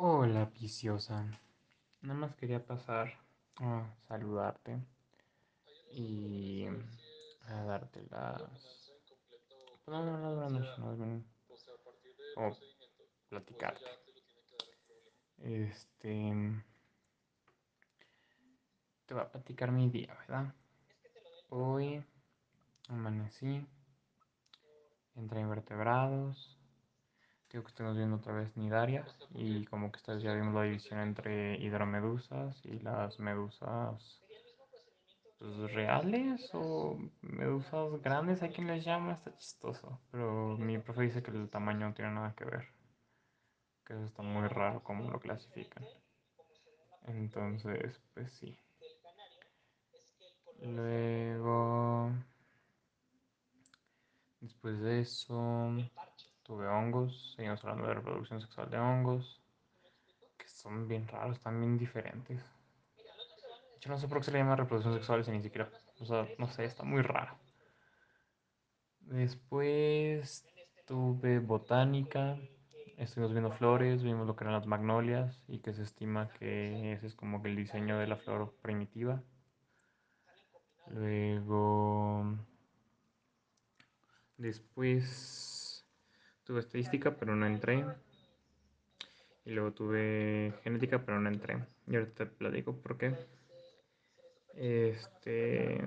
Hola, viciosa. Nada más quería pasar a saludarte y a darte las. No, no, no, no, no, o platicarte. Este. Te voy a platicar mi día, ¿verdad? Hoy amanecí entre invertebrados creo que estamos viendo otra vez Nidaria y como que ya viendo la división entre hidromedusas y las medusas pues, reales o medusas grandes, a quien les llama, está chistoso. Pero mi profe dice que el tamaño no tiene nada que ver, que eso está muy raro como lo clasifican. Entonces, pues sí. Luego, después de eso tuve hongos, seguimos hablando de reproducción sexual de hongos, que son bien raros, están bien diferentes. Yo no sé por qué se le llama reproducción sexual si ni siquiera, o sea, no sé, está muy rara. Después tuve botánica, estuvimos viendo flores, vimos lo que eran las magnolias y que se estima que ese es como el diseño de la flor primitiva. Luego, después Tuve estadística, pero no entré. Y luego tuve genética, pero no entré. Y ahorita te platico por qué. Este.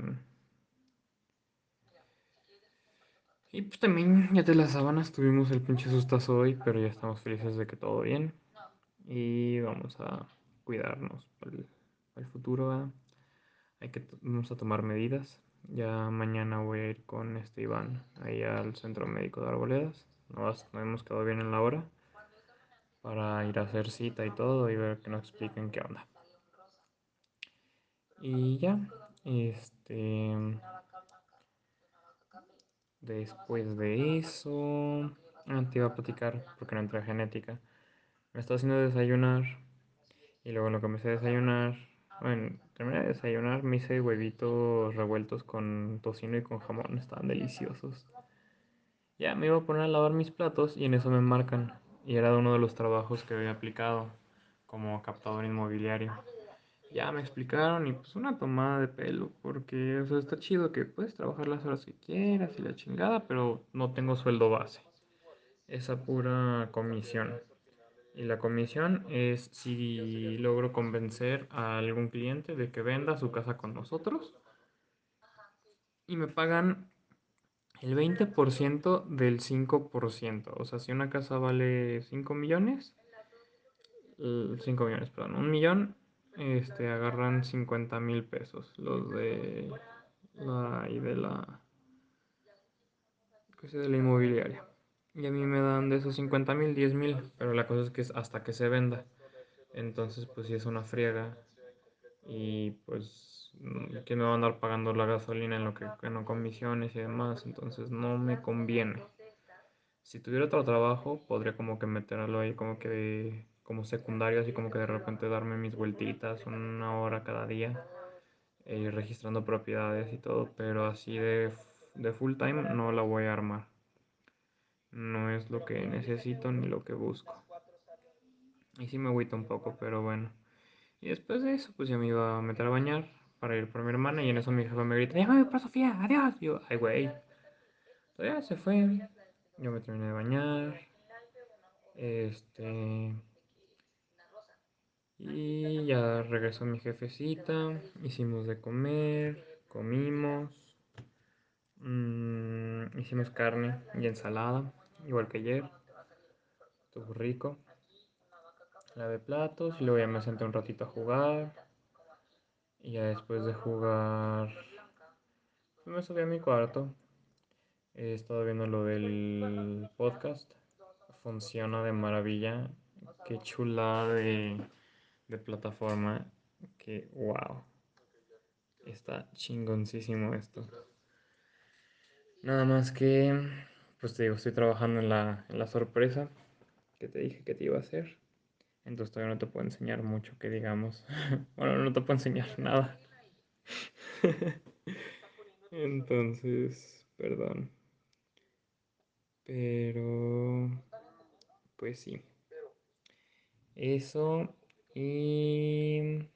Y pues también, ya de las sábanas, tuvimos el pinche sustazo hoy, pero ya estamos felices de que todo bien. Y vamos a cuidarnos para el, futuro. Hay que vamos a tomar medidas. Ya mañana voy a ir con este Iván ahí al centro médico de Arboledas. Nos, nos hemos quedado bien en la hora para ir a hacer cita y todo y ver que nos expliquen qué onda. Y ya, este. Después de eso. Ah, te iba a platicar porque no entré a genética. Me estaba haciendo desayunar. Y luego lo que me a desayunar. Bueno, Terminé de desayunar, me hice huevitos revueltos con tocino y con jamón, estaban deliciosos. Ya me iba a poner a lavar mis platos y en eso me marcan. Y era uno de los trabajos que había aplicado como captador inmobiliario. Ya me explicaron y pues una tomada de pelo, porque eso está chido que puedes trabajar las horas que quieras y la chingada, pero no tengo sueldo base. Esa pura comisión y la comisión es si logro convencer a algún cliente de que venda su casa con nosotros. Y me pagan el 20% del 5%. O sea, si una casa vale 5 millones, 5 millones, perdón, un millón, este, agarran 50 mil pesos. Los de la, y de la, de la inmobiliaria. Y a mí me dan de esos 50 mil, 10 mil, pero la cosa es que es hasta que se venda. Entonces, pues sí es una friega. Y pues, ¿quién me va a andar pagando la gasolina en lo que no comisiones y demás? Entonces, no me conviene. Si tuviera otro trabajo, podría como que meterlo ahí como que como secundario, así como que de repente darme mis vueltitas una hora cada día, eh, registrando propiedades y todo, pero así de, de full time no la voy a armar no es lo que necesito ni lo que busco. Y sí me agüito un poco, pero bueno. Y después de eso, pues ya me iba a meter a bañar para ir por mi hermana y en eso mi jefa me grita, llámame para Sofía, adiós. Y yo, ay, güey. ya se fue. Yo me terminé de bañar. Este... Y ya regresó mi jefecita, hicimos de comer, Hicimos carne y ensalada, igual que ayer. Estuvo rico. La de platos y luego ya me senté un ratito a jugar. Y ya después de jugar, pues, me subí a mi cuarto. He estado viendo lo del podcast. Funciona de maravilla. Qué chula de, de plataforma. Que wow. Está chingoncísimo esto. Nada más que, pues te digo, estoy trabajando en la, sorpresa que te dije que te iba a hacer. Entonces todavía no te puedo enseñar mucho que digamos. bueno, no te puedo enseñar nada. Entonces, perdón. Pero, pues sí. Eso. Y...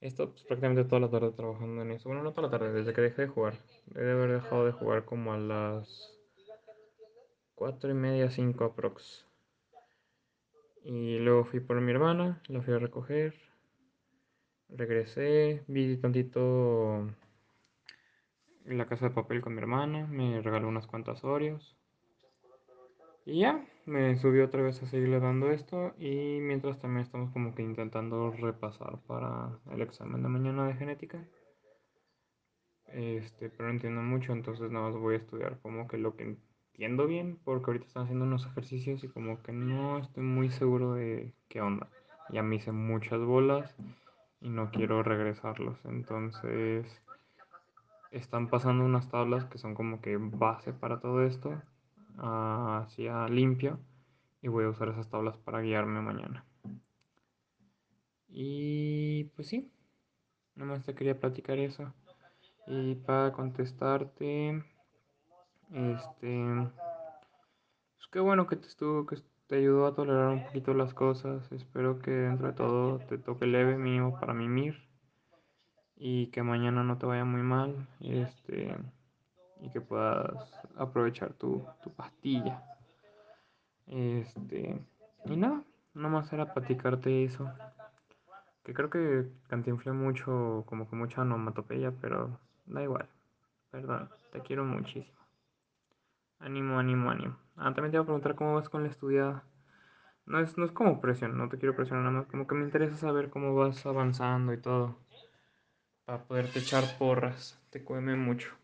Esto, pues, prácticamente toda la tarde trabajando en eso. Bueno, no toda la tarde, desde que dejé de jugar. Debe haber dejado de jugar como a las cuatro y media, 5 aprox. Y luego fui por mi hermana, la fui a recoger. Regresé, vi tantito en la casa de papel con mi hermana, me regaló unas cuantas Oreos. Y ya, me subí otra vez a seguirle dando esto y mientras también estamos como que intentando repasar para el examen de mañana de genética. Este, pero no entiendo mucho, entonces nada más voy a estudiar como que lo que entiendo bien, porque ahorita están haciendo unos ejercicios y como que no estoy muy seguro de qué onda. Ya me hice muchas bolas y no quiero regresarlos, entonces están pasando unas tablas que son como que base para todo esto hacia ah, ah, limpio y voy a usar esas tablas para guiarme mañana. Y pues sí, nomás te quería platicar eso. Y para contestarte, este, Es pues qué bueno que te estuvo, que te ayudó a tolerar un poquito las cosas. Espero que dentro de todo te toque leve mínimo para mimir y que mañana no te vaya muy mal. Este, y que puedas aprovechar tu, pastilla. Este, y nada, nomás era platicarte eso. Que creo que cantinflé mucho, como que mucha onomatopeya, pero da igual. Perdón, te quiero muchísimo. Ánimo, ánimo, ánimo. Ah, también te iba a preguntar cómo vas con la estudiada. No es, no es como presión, no te quiero presionar nada más. Como que me interesa saber cómo vas avanzando y todo. Para poderte echar porras. Te cueme mucho.